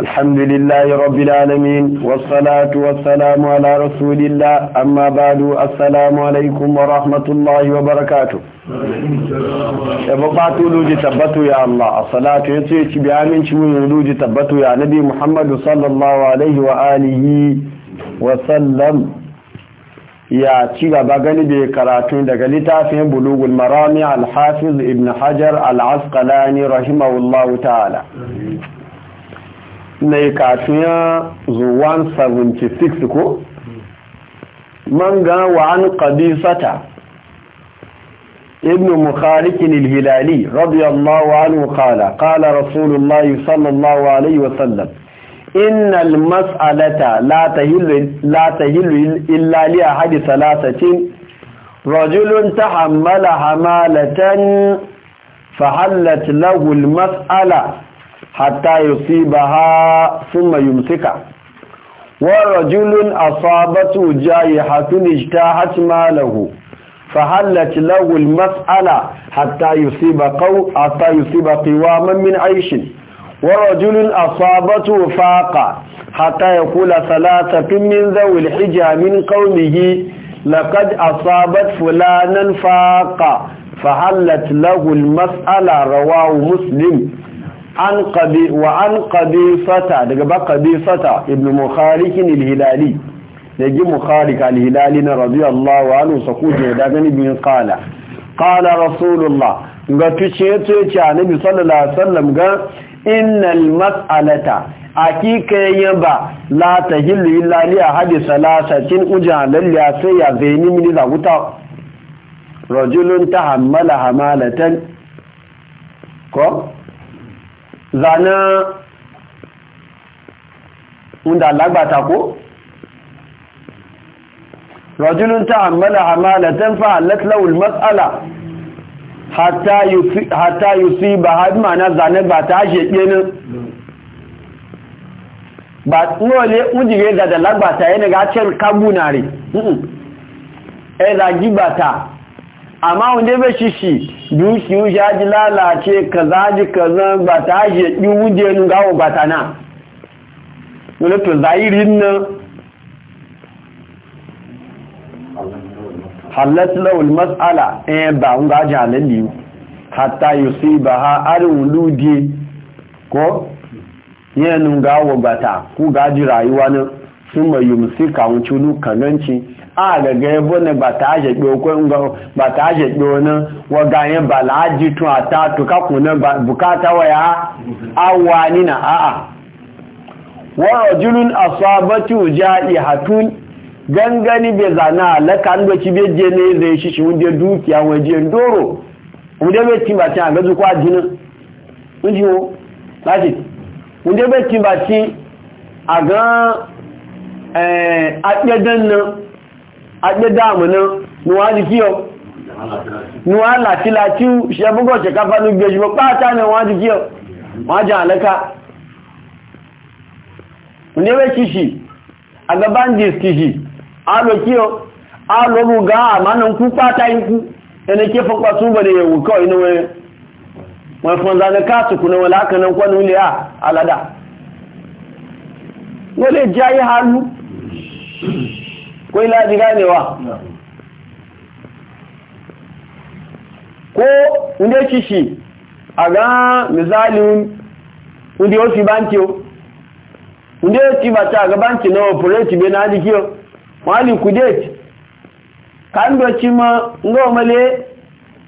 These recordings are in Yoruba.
الحمد لله رب العالمين والصلاة والسلام على رسول الله أما بعد السلام عليكم ورحمة الله وبركاته yabbatu luji tabbatu ya Allah as-salatu yace ci bi aminci mun tabbatu ya nabi Muhammad sallallahu alaihi wa alihi wa sallam ya ci gaba gani da karatu daga litafin bulughul marami al-hafiz ibnu hajar al-asqalani rahimahullahu ta'ala na yi katuya zu 176 ko man ga wa an qadisata ibn mukhalik al-hilali radiyallahu anhu qala qala rasulullah sallallahu alayhi wa sallam masalata la tahillu illa li ahadi thalathatin rajulun tahammala hamalatan fahallat lahu al-mas'ala حتى يصيبها ثم يمسكها ورجل أصابته جائحة اجتاحت ماله فحلت له المسألة حتى يصيب قو حتى يصيب قواما من عيش ورجل أصابته فاقة حتى يقول ثلاثة من ذوي الحجة من قومه لقد أصابت فلانا فاقة فحلت له المسألة رواه مسلم an qabi wa an qabi fata daga ba qabi fata ibnu mukhariq al-hilali yaji mukhariq al-hilali na radiyallahu anhu sakuje da gani bin qala qala rasulullah ga tuce tuce annabi sallallahu alaihi wasallam ga innal mas'alata akika yaba la tahillu illa li ahadi salasatin ujalan ya sai ya zaini min da wuta rajulun tahammala hamalatan ko zana wanda lagbata ko rajulun ta'ammala amalatan fa'alat lahu al-mas'ala hatta yusi hatta yusiba had mana zane ba ta sheke ne ba nole unjige da da lagbata yana ga cin kabunare eh da gibata amma wanda bai shi shi dukiyu ya ji lalace kaza ji kaza ba ta je yi wuje nun gawo ba ta na wani to zahirin nan halatta lawul mas'ala eh ba un ga ji halalli hatta yusiba ha arin ludi ko yin nun gawo ba ta ku gaji rayuwa nan sun mai yumsi kawun culu kananci a gaga ebe ne ba ta aje pe okwe nga ba ta aje pe ona waga yin ba la aji tun ata na bukata waya awa ni na a'a wa rajulun asabatu ja'ihatun gangani a zana la kan do ci be je ne zai shi shi wunde dukiya waje ndoro wunde be ti ba ti aga zu kwa dina wunji wo lati wunde be agbé dáàmù náà níwá di kí ọ níwá làtíláti ṣe búgọ̀ ṣẹ̀káfà ní gbé ṣùgbọ́n pàátá ní wọ́n di kí wọ́n jẹ́ àlẹ́ká kìṣì agabandis kìṣì alò kí ọ alò ga wọ́n lè jẹ́ ayé halú ko ina ji ganewa ko inda ci shi a ga misalin inda yau ci banki yau inda yau ci ba ta ga banki na operate bai na jiki yau wali kudate kan doci ma nga omale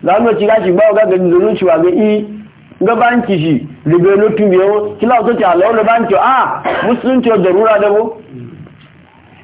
za mu ci gashi ba ga i ga banki shi ribe lotun biyo kila to ci alo a ah, musulunci da rura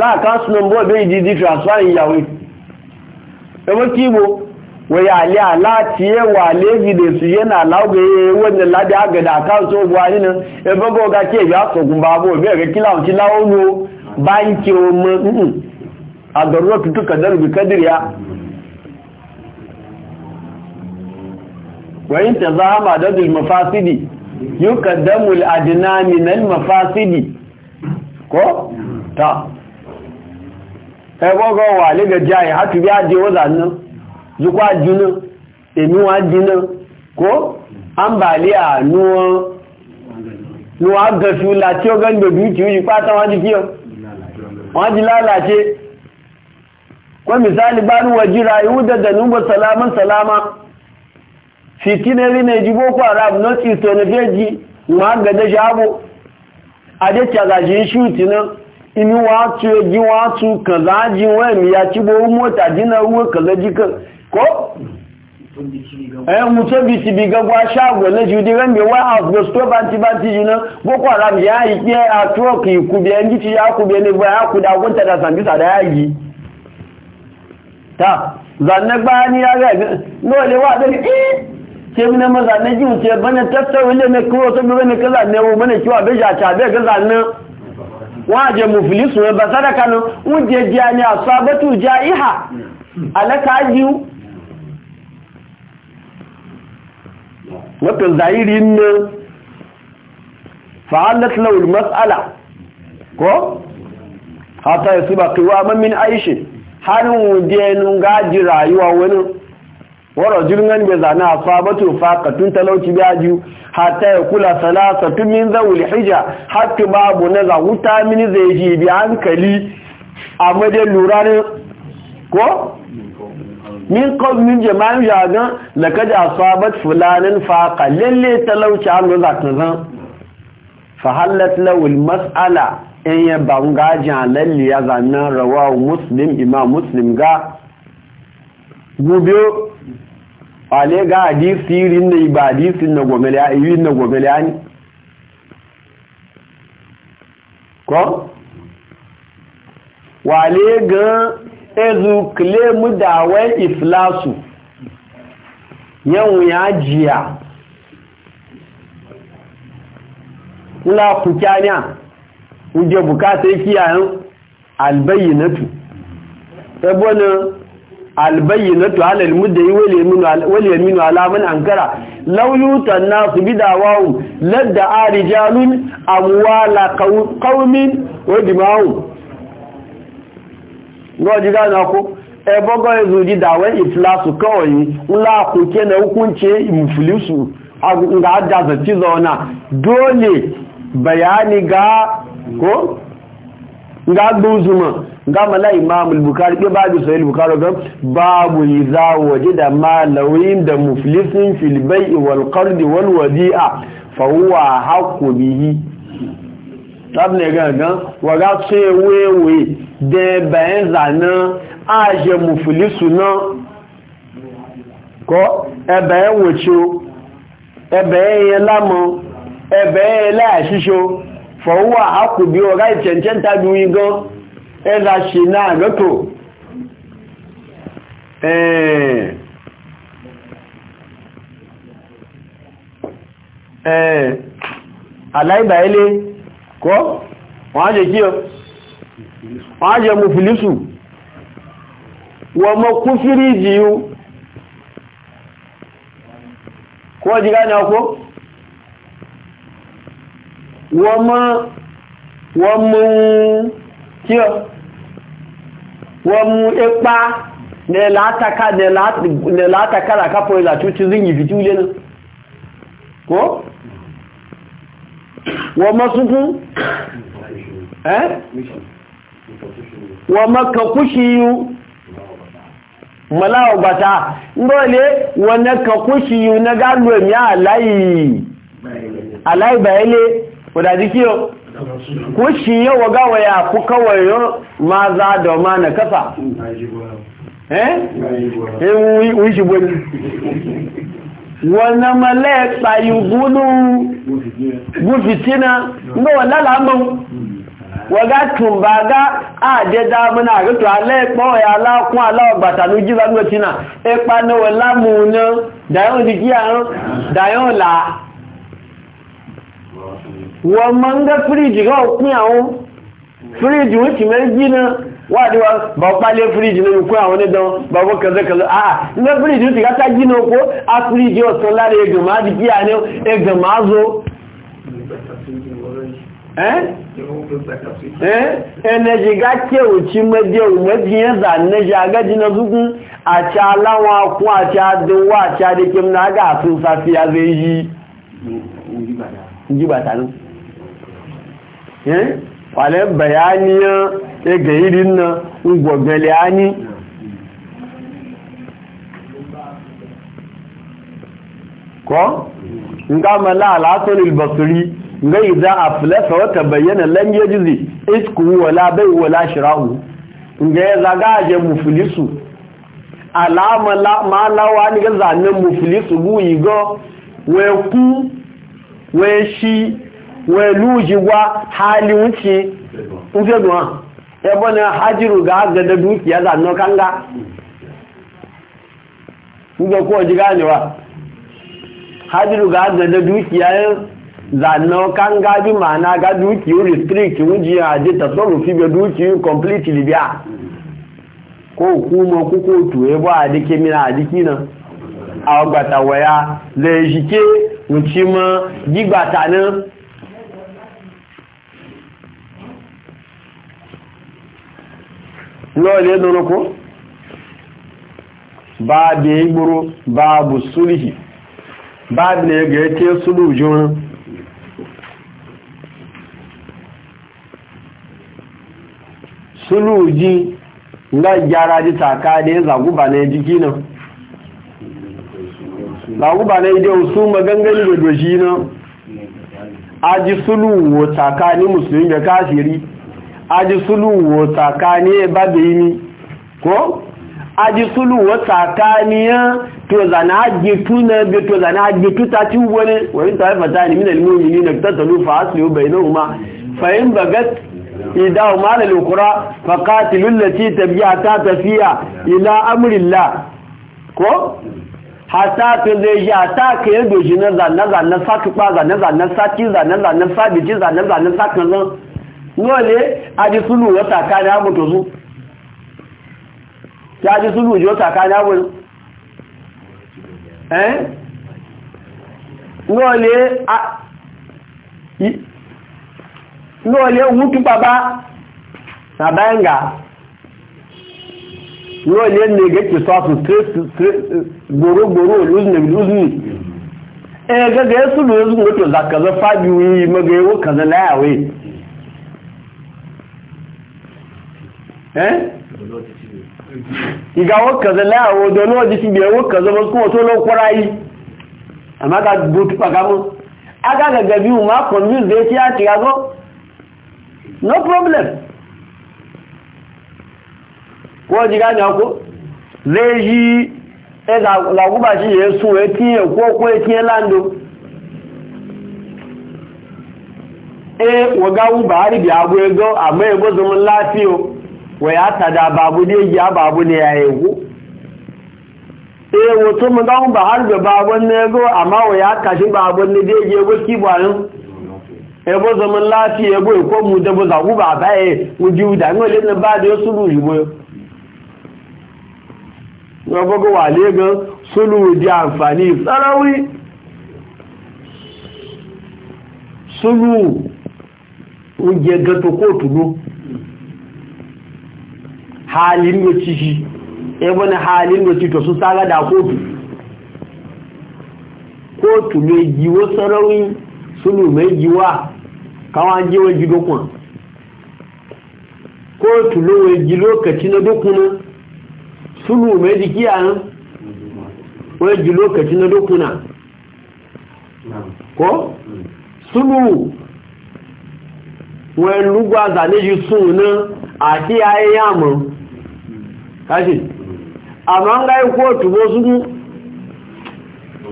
láàkáṣù nọmbọ́ ẹ̀bẹ́ ìdíjì transfer ìyàwó ẹwọ́ kí wo wẹ̀yà alẹ́ aláti ẹwà lẹ́gìdè sí yẹ́nà aláwọ̀ ewé ní ládẹ́ agẹ̀dẹ̀ àkáṣù ogun ayé na ya yóò kàdẹ́mù àdínámi nẹ́l mafásidi kọ́ ta ẹgbọ́gọ́ wà lẹ́gbẹ̀já ẹ̀ hátù bí ájí ó zà náà zùkwá jiná èmi wá jiná kó ámbàlẹ́ àánúwọ́n gẹ̀fì láti ó gẹ́gbẹ̀bí tí ó yí pátá wọ́n jí kí ọ wọ́n jí lálàṣẹ́ kó misali bá níwọ̀ jíra ihu dẹ̀dẹ̀ núbọ̀ salama salama fitinari na ji boko haram north east onubeji ma gada shabo a dẹ̀ imi watu ji watu kaza ji wani ya ci bo mota dina uwe kaza ji ka ko eh mutu bi ti bi gagwa shago na judi ran be warehouse go store banti banti jina boko haram ya yi pe a truck ku bi en ji ya ku bi ne ba ya ku da gunta da sambisa da yayi ta zanne gba ni ya ga no le wa da eh ke mina maza na ji ce bana tattawa ne ko so bi ne kaza ne wo bane kiwa be ja ta be ga zanne wọ́n jẹ mùfìlísù ẹbà sádàkanu ń jẹ jẹ́ ní àṣọ abẹ́tù jẹ ìhà alẹ́kàájú wata zahiri ne fa'alat lawul mas'ala ko hata yasiba qiwaman min aishi harin wuje gaji rayuwa wani wara jirgin bai zane a sabatu tun talauci biyu hata ya kula salasa tun min wuli hija hatta babu na za wuta mini zai ji bi hankali a madin lura ne ko min kogin jama'in jagan da kaji a sabat fulanin faka lalle talauci an roza ta zan fahallat lawul mas'ala in yi bangajin lalle ya zanen rawa muslim imam muslim ga gubiyo ale ga hadisi irin na ba hadisin na gomelani ko wale ga ezu klemu da wen iflasu yawon ya jiya kula kukyaniya kuje bukata kiyayen albayyinatu ebonin albayyinatu ala almudda'i wal yaminu ala man ankara law yutan nasu bidawahu ladda arijalun amwala qaumin wa dima'u ngoji na ko e bogo ezu di dawe iflasu kawai ula ku kene hukunce imfilisu ga adda zati zona dole bayani ga ko ga dozuma ga mala imam al-bukhari ke babu sahih al-bukhari ga babu iza wajida malawin da muflisin fil bai'i wal qard wal wadi'a fa huwa haqqu bihi tabne ga ga wa ga se wewe de benza na a je ko ebe wocho ebe yelamo ebe la shisho fọwọ́ àákù bí ọ̀rá ìtẹ̀ntẹ́ntà bí wí gan ẹ́lá ṣe náà lọ́tò aláìbà ilé kọ́ wọ́n jẹ kí ọ wọ́n jẹ mú fìlísù wọ́n mọ́ kú fíríjì yíó kọ́ jíká ní ọkọ́ wọ́n mọ́ wọ́n mú kí ọ wọ́n mú ipá nẹ̀lá àtàkàrà kápọ̀ ìlà tó ti ríyìn fi tí náà kó wọ́n mọ́ súnkún ẹ́ wọ́n mọ́ kankúṣi wọ́n na kankúṣi yíu na gálùwẹ̀ ní aláì aláì wadda kiyo ko shi yau waga waya ku kawai yau ma za da ma kafa, kasa eh? eh wuyi gwani wana male payu gulu gufitina ngo wala lambo waga tumbaga ade da muna ga to ale po ya la kun ala ogbata loji ba ngo e pa no wala mu na da yon di kia da yon la wọ́n máa ń gẹ́ fíríjì náà pín àwọn fíríjì wọ́n ti méjì náà wà ní wọn bá ọ pálé fíríjì nínú kó àwọn onídán bàbá kẹsẹkẹsẹ àà ah, ní fíríjì ti káta jí náà kó á fíríjì ọ̀sán lára ẹgbẹ̀n máa di kí à ní ẹgbẹ̀n máa zo ẹnẹ́jì gá kí òtí mẹ́dí òmẹ́dí yẹn nẹ́jì agẹ́jìnà dúkún àti aláwọn akún àti adówó àti adékemnágà àtúnsáfíà lè yí ìjíbàtà náà kwale hmm? bayaniyan e ga irin na ngwagwale anyi ko? nga mala alasun albasuri nga iza a filasa wata bayyana lam ya jizi isku wala bai wala shira'u nga ya e zaga aje mufulisu alama malawa ni ga zanen mufulisu bu yi ga weku shi. wẹ̀lú ìjìwá hali ń ṣe ń fẹ́ dùn ẹbọ́ ni hajjiru ga gẹ̀dẹ̀ dúkìá zànà kánga nígbẹ̀ kó ọjí hajjiru ga gẹ̀dẹ̀ dúkìá zànà kánga bí ma na ga dúkìá restrict ń jí àjí tàtọ́rù fíbẹ̀ dúkìá complete libya kó kú mọ kúkú tù ẹbọ́ àdíkẹ́mìnà àdíkínà àwọn gbígbàtà náà lọ́ọ̀lẹ́ lórúkú ba da ya gburu babu sulhi babu ne ga ya ce sulu junan sulu ji na gyara ji taka da ya zaguba na jiki nan zaguba na ije su magangani da doshi nan a ji sulu wa taka ni musulmi da kafiri aji suluwo tsakani babu yini ko aji suluwo ya to zana gitu na bi to zana gitu ta ci wani wani ta fata ni min ni na tatalu fa bai bainahuma fa in bagat idau mal alqura fa qatilu allati tabi'a ta tafiya ila amrillah ko hata to zai ya ta ka yado shi na zanna zanna sakuba zanna zanna saki zanna zanna sabici zanna zanna sakan zan wale aji sulu ya taka na abu to su ya aji sulu ya taka na abu eh wale a wale wutu baba sabanga wale ne ga ki so su stress goro goro luzne luzne eh ga ga sulu ya zungo to zakaza fabi wi Eh? ìgbà wọ́n kẹ̀zẹ̀ láàwọ̀ ọjọ́ náà jí ti bẹ̀rẹ̀ wọ́n kẹ̀zẹ̀ wọ́n kúwọ́ tó lọ kọ́ra yìí àmága gbòtú pàkámọ́ bí wọ́n máa ìgbé tí a ti agọ́ no problem wọ́n jí wai ya tada babu ne ya babu ne ya yego eh wato mun dan ba har da babun ne go amma wai ya kashi babun ne dai je go ki bayan e bo zaman lafiya go ko mu da bo e mu ne ba da su ru yibo na gogo wale sarawi sulu oúnjẹ gan tó halin wuci shi na halin wuci to su saga da kotu kotu mai giwo sarauni sunu mai giwa kawan giwa dokuna. kotu lowe gi lokaci na dokuna sunu mai a nan wai gi lokaci na dokuna ko sunu wai lugwa zane ji sunu àti ayé yàmù kashi amma an ga kotu bo su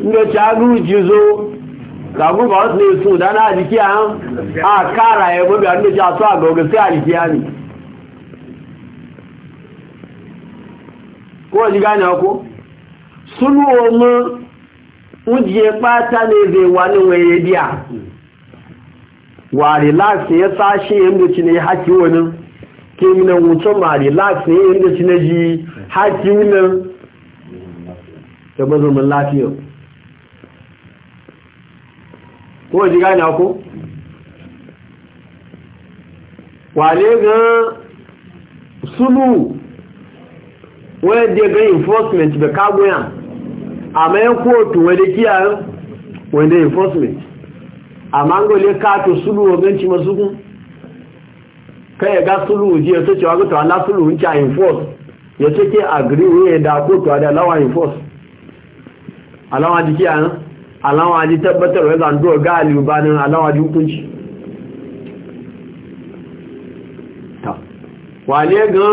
ndo chagu jizo kagu ba wasu ne su da na jiki a a kara ya gobe a ndo chasu a sai a jiki ya ne ko ji gane ko sunu omo ujiye pata ne zai wani waye biya ya sashi ci ne kemina na wuce mari lati ne inda shi na ji haki wunan da mazumin lafiya ko ji gani ako wale ga sulu wadda ga enforcement da kaguya a mayan kotu wadda kiyar wadda enforcement a mangole kato sulu ganci masu kun ya ga sulu ji ya ce wa ga to Allah sulhu enforce ya ce ke agree da ko to da lawa enforce alawa ji kiyan alawa ji eh? tabbatar wa zan do ga alibanin alawa ji hukunci ta wale ga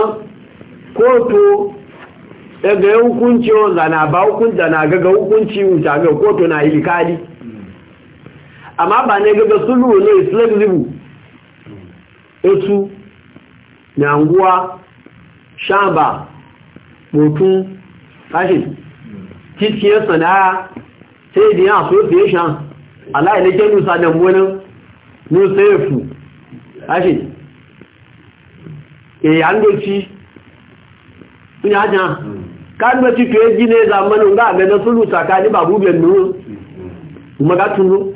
kotu daga hukunci zana ba hukunci zana ga hukunci wuta ga kotu na ilikali amma ba ne ga sulu ne flexible etu nyanguwa shamba mutum kashi cikin sana'a sai da yana association alailake nusa da wani nusa ya fu kashi e eh, yandoci ina hajjan kandoci to ya gine zamanin ga gane sulu tsakani babu biyan nuru magatunu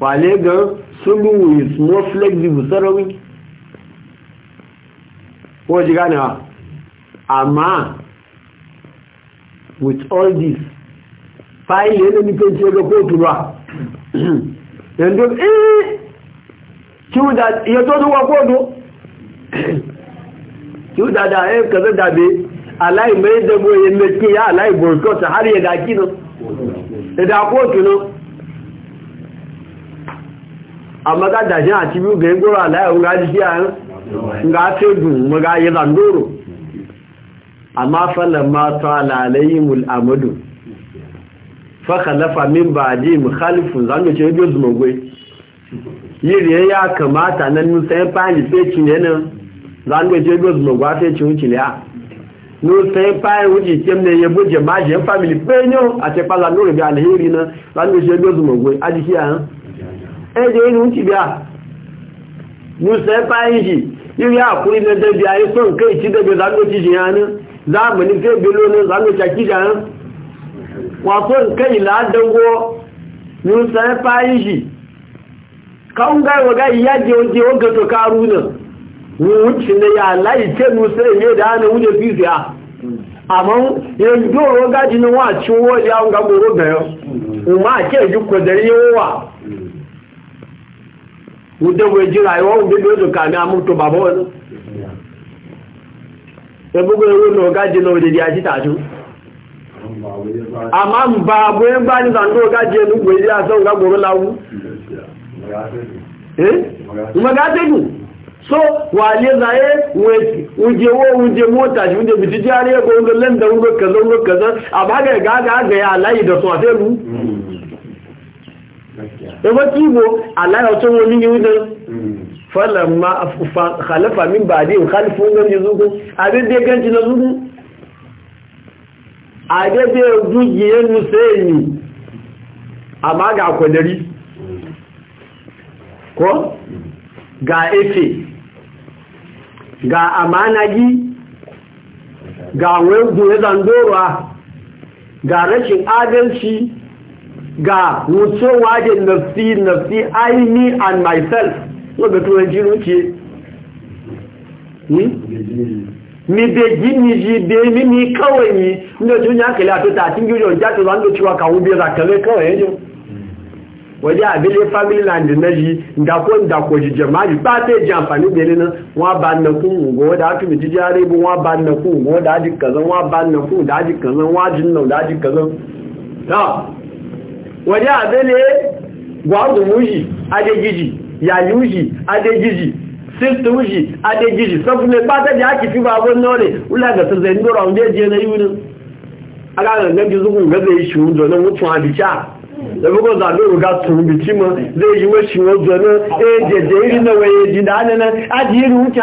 wale ga sulu is more flexible sarawin ko ji ganewa amma with all this file yana nufin ce ga kotu ba yanzu eh kiwu da iya to zuwa kotu kiwu da da eh kaza da be alai mai da boye meke ya alai boycott har ya da kino da kotu no amma ga da jin a cibi ga gora alai ga ji ya ga ce gun ga yi zandoro amma falon mata lalayi mul'amadu fakalafa min ba ji mu halifun zanu ce yadda zuma gwai yiri ya kamata nan nusa ya fahimci sai cinye nan zanu ce yadda zuma sai cin wuce ya nusa ya fahimci wuce kem ne ya buje maji ya famili penyo a ce fala nuru bi alheri nan zanu ce yadda zuma a jiki a yan ɗaya da yin wuce biya nusa ya fahimci yau ya hakuri na dabi a nke son kai ci daga ya shi za zamanin sai bilo na zangoci a kija yan wason kai ladango yun sai ya shi kawun gai wa gai ya je wajen wajen to karu nan na ya ala ce nusa yi da hannun wuce fifi a àmọ́ ndị mutum bai ji rayuwa wanda bai zo kami a mutu ba ba ga ji na wajen aji ji a amma ba goyon ba ni ya nugu ya sau goro lagu eh ga so wale zaye ujewo uje mota shi wuje biji jari ya ga wunga a ga ya layi da ɗaba kibo alayar tun wani yudan falon ma halafa min ba a dai halifin ganji zuku abin dai ganji na zuku a daidai dukiyar musayi amma ga kwadari ko ga efe ga amanagi ga weguye zandorwa ga rashin adalci ga wucewa da nafsi nafsi i me and myself wadda turanci nuce mi beji mi ji be mi ni kawai ni inda tun ya to ta tin gijo ja to cewa ka ubi za kale kawai yanzu waje abile family land na ji da ko ji jama'i ba ta ji amfani da ne wa ba na kun go da tu mi ji jare wa ba na kun go da ji wa ba na kun da ji wa jin na da ji wọ́jẹ́ àbẹ́lẹ̀ gbọ́ọ̀dùnwúyì adégijì yàyúyì adégijì sístúwúyì adégijì sọ́fúnlẹ̀ pátẹ́dì ákì fí bá bọ́ náà rẹ̀ wúlàgàtọ̀zẹ̀ ndọ́rọ̀ ọ̀dẹ́ jẹ́ na yíwú lẹ́gbẹ́gbẹ́ ìzàdóòrò ga tùrù bí tí mọ́ lé ìwé ṣìwọ́ jọ náà èdèdè ìrìnà wẹ̀yẹ̀ ìdìdà ánẹ́nà adìyírù ń kí a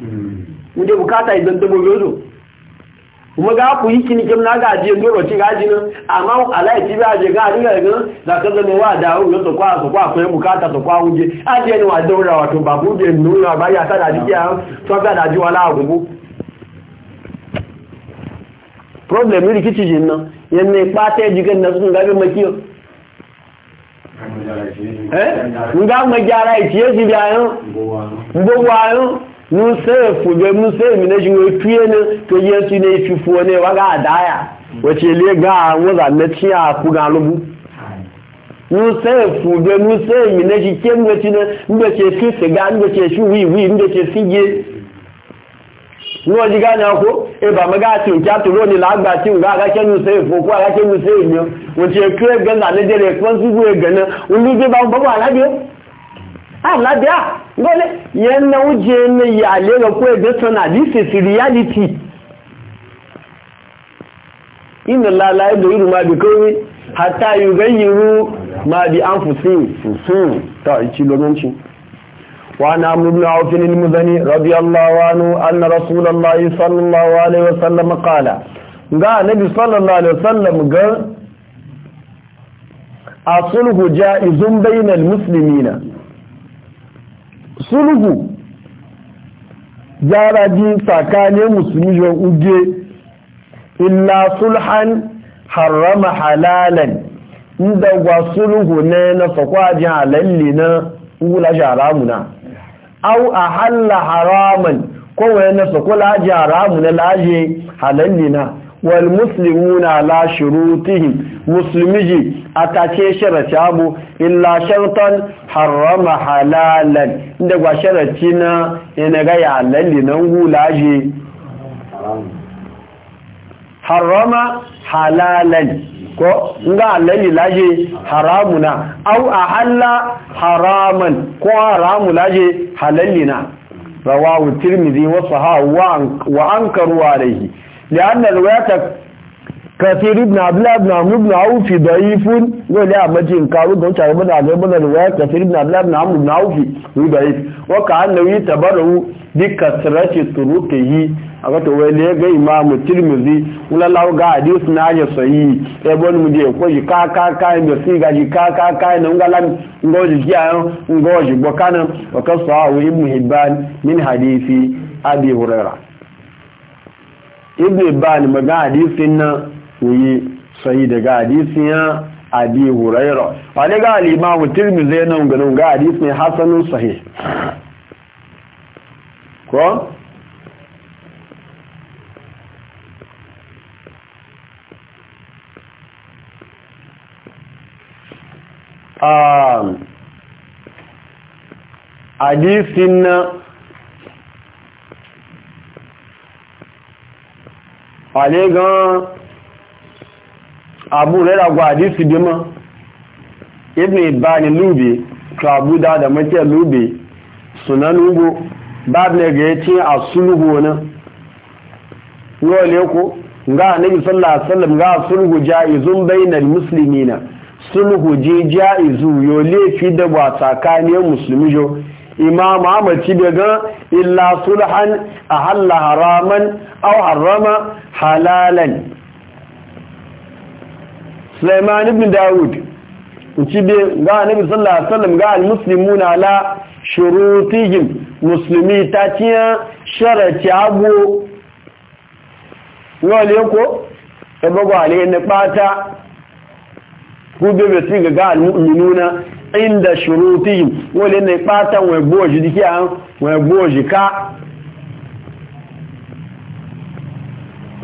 inda bukata idan dabbobin su kuma ga ku yi kinikin na gaji yin doro ci gaji nan amma alaiti tibi aje ga riga ga da ka zama wa da hu yoto kwa su kwa kuma bukata su kwa huje aje ni wa daura wato ba ku je nuna ba ya kada dikiya to ga da ji la gugu problem ni rikici jin nan yanne pate jigan na sun gabe makiyo eh nga ma jara itiye si bi ayo ngbo wa ayo musa fube musa yi na jiwo fiye ne to yi su ne fi fuwa ne waga a daya wace le ga wuza na ci a ku ga lubu musa yi fube musa yi na ji ke mgbe ci na mgbe ce fi siga mgbe ce fi wiwi mgbe ce fi ye nwa ji gani ako e ba maga ati nke aturo ni lagba ti nga agake musa yi foko agake musa yi ne wace kire gana na dere kwanzu gwe gana ulu ba mbaba alabiyo ah ladia gole yen na uje ne ya le ro ko e de sona this is reality inna la la ido e iru ma bi kowi hatta yugayiru ma bi anfusin fusu ta ichi lo nchi wa na na mudna ofin al mudani radiyallahu anhu anna rasulullahi sallallahu alaihi wasallam qala ga nabi sallallahu alaihi sallam ga a sulhu ja'izun bainal muslimina sulhu gyara biyu tsakanin musulmi ya uge illa sulhan harama halalan inda gwa sulhu ne na sakwajin halalli na wula sharamuna au a halla haraman kowai na sakwajin haramuna laje halalli na wal muslimuna la shurutihim muslimiji atace sharati abu illa shartan harrama halalan inda gwa sharati na ina ga ya lalli nan gulaje harrama halalan ko nga lalli laje haramuna au a ahalla haraman ko haramu laje halallina rawahu tirmidhi wa sahahu wa ankaru alayhi لأن الرواية كثير ابن عبد الله بن عمرو بن عوف ضعيف ولا مجي انكارو دون تعالى من على من الرواية كثير ابن عبد الله بن عمرو بن عوف ضعيف وكأنه يتبرع بكثرة طرقه akato wele ga imam tirmizi wala law ga hadis na ya sahi e bon mu je ko ka ka ka me si ga ji ka ka ka ne ngala ngoji ya ngoji bokana wa kasawu ibn hibban min hadisi abi hurairah ba ni maga hadisin nan yi sai daga hadisin ya abi huraira wani ga alimamu tirmizi yana nan ga ga ne hasanun sahih ko hadisin na ale gan abu rera gwa hadisi bima ibn ibani lubi to abu da da mace lubi sunan ugo bab ne ga yace asuluhu wannan yole ko ga annabi sallallahu alaihi wasallam ga sulhu jaizun bainal muslimina sulhu ji jaizu yole fi da wa tsakanin musulmi jo imam ahmad ci daga illa sulhan ahalla haraman au harama halalan sulaiman ibn daud ci ga annabi sallallahu alaihi wasallam ga almuslimuna ala shurutihim muslimi ta ciya sharati abu wale ko ebe gwale ne pata ku bebe si ga almu'minuna inda shuruti wole ne ní pátá wọn ẹgbó òjì dí kí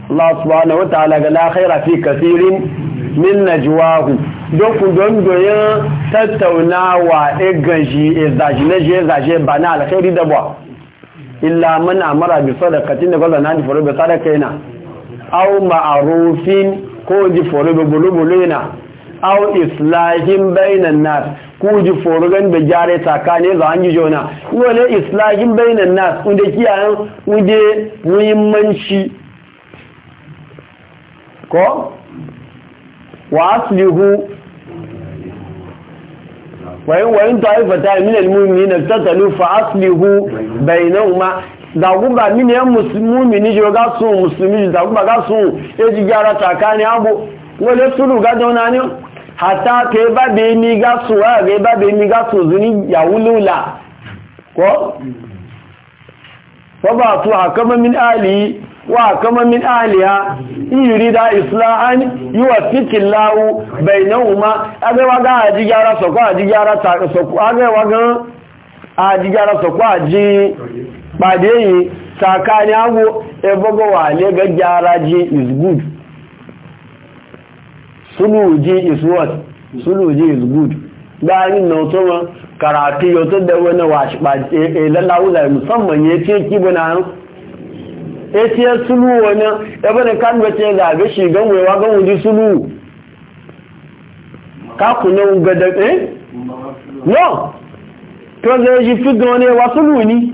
Allah subhanahu wa ta'ala ga la fi kathirin min najwahu doku don doyin tattaunawa e ganji e zaji na je zaje alkhairi da bwa illa man amara bi sadaqatin da gwazana di foro be sadaqaina aw ma'rufin ko ji foro be bulubulina aw islahin bainan nas kuji forogan da gyara tsakanin za an yi jona wani islahin bainan nas wanda kiyayen wuje muhimmanci ko wa aslihu wayin wayin ta'ifata min na tattalu fa aslihu bainahuma dagúgbà mini yan musulmi ní ṣe sun musulmi ga sun eji gyara tsakanin abu wọlé sùúrù ga náà ne hata ke ba be ni ga su wa ge ba be ni ga su zuni ya wulula ko saba tu akama min ali wa kama min aliya yurida islahan yuwaffiqu Allahu bainahuma abe wa ga aji gyara soko aji gyara ta soko abe wa ga aji gyara soko aji pade yi sakani abu ebogo wa le ga gyara ji is good suluji is what suluji is good bayanin na wato ma karatu yato da wani washi ba e, e, lalawula e musamman ya ce kibina ya ce sulu wani ɗabanin kan wace zaɓe shi ganwewa gan wuji sulu kakunan gada ɗin? Eh? no to zai ji fi gan wani wa sulu ni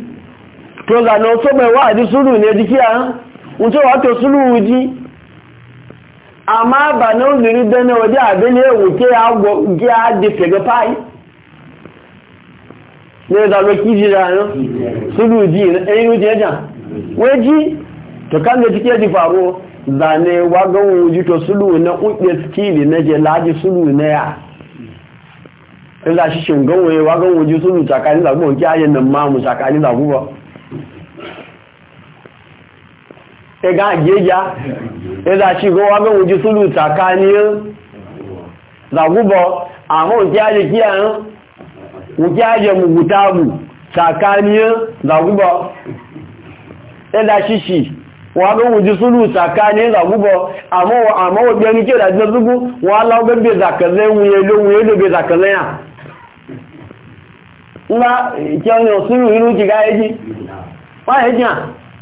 to zane wato mai wa'adi sulu ne jiki a wuce wato sulu ji amma ba na uzuri da na waje abin ya wuce ya a di fayi ne da ga kiji da nan sulu ji na ɗan yi yajan waji to kan da cike ji faru zane wagon wuji to sulu na uɗe skili na je laji sulu na ya in shi shi shingan waye wagon wuji sulu tsakanin zaguwa kiyayen nan mamu tsakanin zaguwa ẹgá àgbéjá ẹzà ṣígbó wá mẹ́wọ̀n ojú súlù tàkà ní zàgúbọ̀ àmọ́ òkí ajẹ́ kí àrùn òkí ajẹ́ mùgùtàbù tàkà ní zàgúbọ̀ ẹzà ṣíṣì wọ́n ló wùjú súlù tàkà ní zàgúbọ̀ àmọ́ ògbẹ́ ní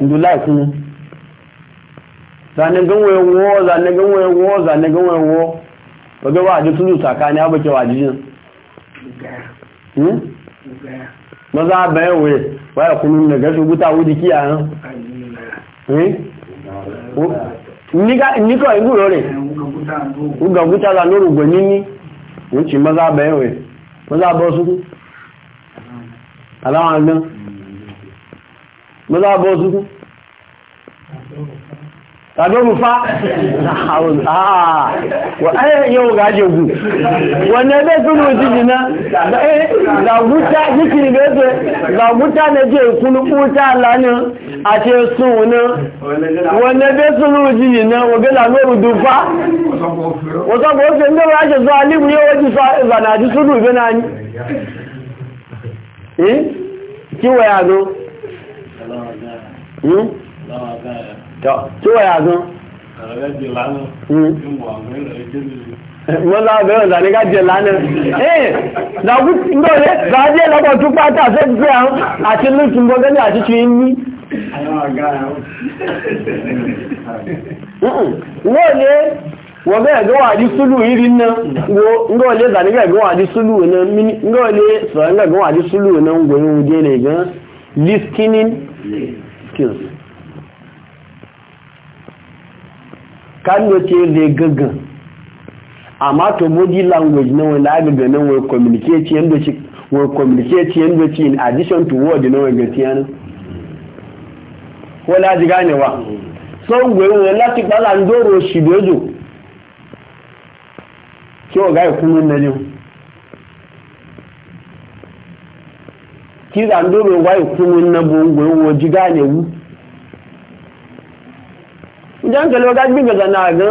ndula kun zane ganwe wo zane ganwe wo zane ganwe wo oge wa ji tulu sakani abu ke wajijin hmm maza bayan we waya kunun da gashi guta wuji kiya han eh hmm? nika nika ingu lore uga guta la noru gwenini wuci maza bayan we maza ba su alawan gan mo za bo tàbí mu fa wa ayé yau ga jogu wannan bai tunu jiji na ga guta jikiri bai bai ga guta na je kunu kuta lana a ce sun wannan bai tunu jiji na wabe lanoru dufa wata kofi Hmm? tí wọ́n yà gan. wọ́n lọ bẹ̀rẹ̀ ọ̀dà ní ká lánàá ẹ̀ lọ́gbọ́dẹ̀ bàájẹ́ lọ́pọ̀ tó pátá fẹ́ gbé àwọn àti lùtùmbọ́ gẹ́gẹ́ àti tún ní wọ́n lé wọ́n bẹ́ẹ̀ gọ́wà súlù ìrí ná ngọ́ ilé ìdànígbẹ̀ gọ́wà súlù ná skills kan ce zai gaggan amma to body language na wani agaga nan wani communicate yadda shi wani communicate yadda shi in addition to word na wani gasiya wọ́n láti gánewa sọ́ngbẹ̀ wọn láti pàlá ń dọ́rọ̀ ṣìdójò tí ọ̀gá ìkúnnú nẹ́lẹ́wọ̀n ki da ndoro wai na bongo wo jiga ne wu njan kelo ga gbe ga na ga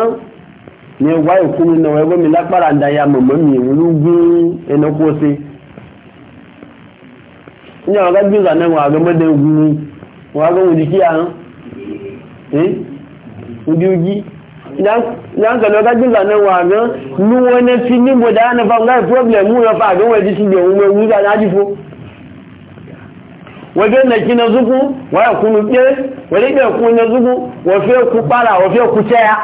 ni wai kunun na wai go mi lapara nda ya mama mi wulugu enoko se nya ga gbe ga na wa ga mede wu wa ga wudi ki an eh wudi uji njan kelo ga gbe ga na wa ga nu wona fini mo da na fa ga problem mu na fa ga wudi si de wu wu ga na ji fo wajen da ki na zugu waya ku nuke wajen da ku na zugu wafe ku bara wafe ku taya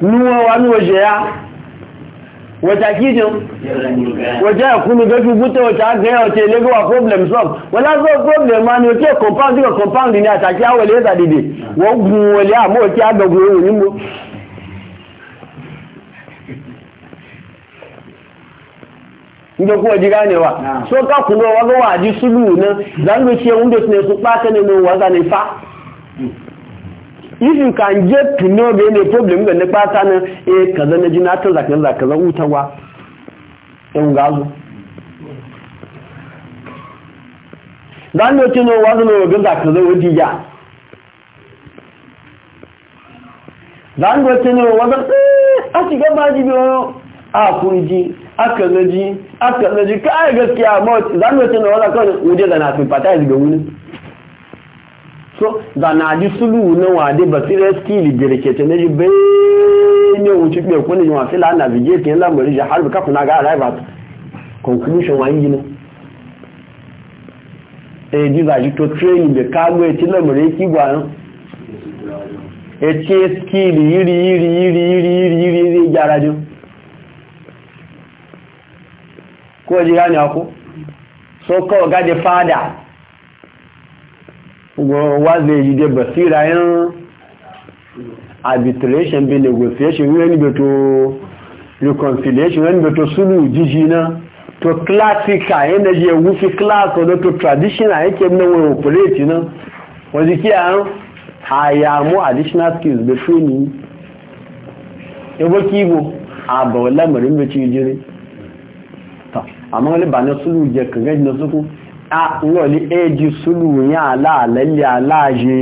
nuwa wani waje ya wata kijin waje ya kunu gafi buta wata aka yawa ce lego a problem solve wala zo problem ma ne ke ya zadide wa gun wale a mawa ki aga goyo wani inda kuwa ji ganewa ah. so ka kuma waga waji sulu na zan ce wanda su ne su ɓata ne mai waza fa if you can get to know the any problem ga na ɓata na e kaza na e eh, ah, ji na ta zaka na zaka zan utawa yan gazo zan da ce na waza na ya zan da ce na waza a shiga ba ji biyo a kurji aka zaji aka zaji kai gaskiya but za mu ce na wala kawai wuje da na sympathize ga wuni so da na ji sulu na wade basira skill jirkete ne ji bai ne wuce bai kuma ji la navigate yan lamari harbi kafu na ga arrive at conclusion wa yi ne eh ji za ji to training da kago ya ci lamari ki gwanin e eh, ce skill yiri yiri yiri yiri yiri yiri yiri yiri yiri ko ji gane ku so kawo gaje fada wa zai yi dai basira yin arbitration bi negotiation wani beto reconciliation wani beto sulu jiji na to classica yana je wufi class wadda to traditional yake nan wani operate na wajen kiyayen hayamu additional skills da shuni yabo kibo a bawon lamarin da jiri àmọ́ lè bà ní súlù jẹ kẹ̀kẹ́ jìnà sókún a wọ́n lè éjì súlù yán aláàlẹ́lẹ́ aláàṣẹ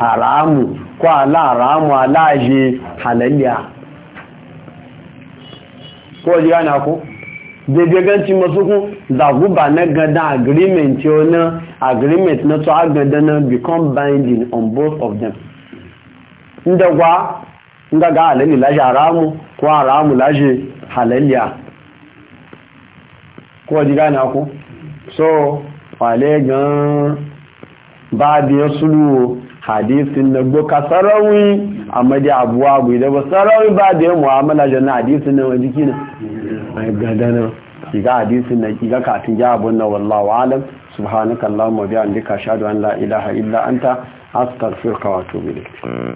haramu kọ́ aláàramu aláàṣẹ halẹ́lẹ́ kọ́ jẹ́ ánà kú dédé gan ti mọ́ sókún zàgúbà na gandan agreement yóò na agreement na tó agandan na become binding on both of them ndagwa ngaga halẹ́lẹ́ láṣẹ haramu kwa haramu láṣẹ halẹ́lẹ́ ko ji gane ku so wale gan ba biyan sulu hadisin na goka sarawi a madi abuwa bai da ba sarawi ba da yin mu'amala jan na hadisin na wajiki na mai gadana hadisin na kiga katin ya abun na wallawa alam subhanakallahumma bihamdika ashhadu an la ilaha illa anta astaghfiruka wa atubu ilayk